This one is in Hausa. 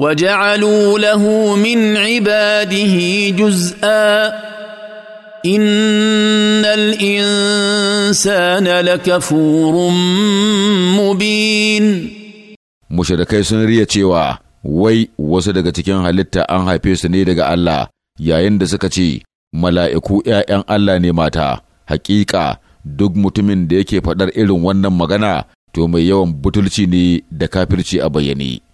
وجعلوا له من عباده جزءا ان الانسان لكفور مبين mushrikai sun riya cewa wai wasu daga cikin halitta an haife su ne daga Allah yayin da suka ce mala'iku ‘ya'yan Allah ne mata hakika duk mutumin da yake faɗar irin wannan magana to mai yawan butulci ne da kafirci a bayyane.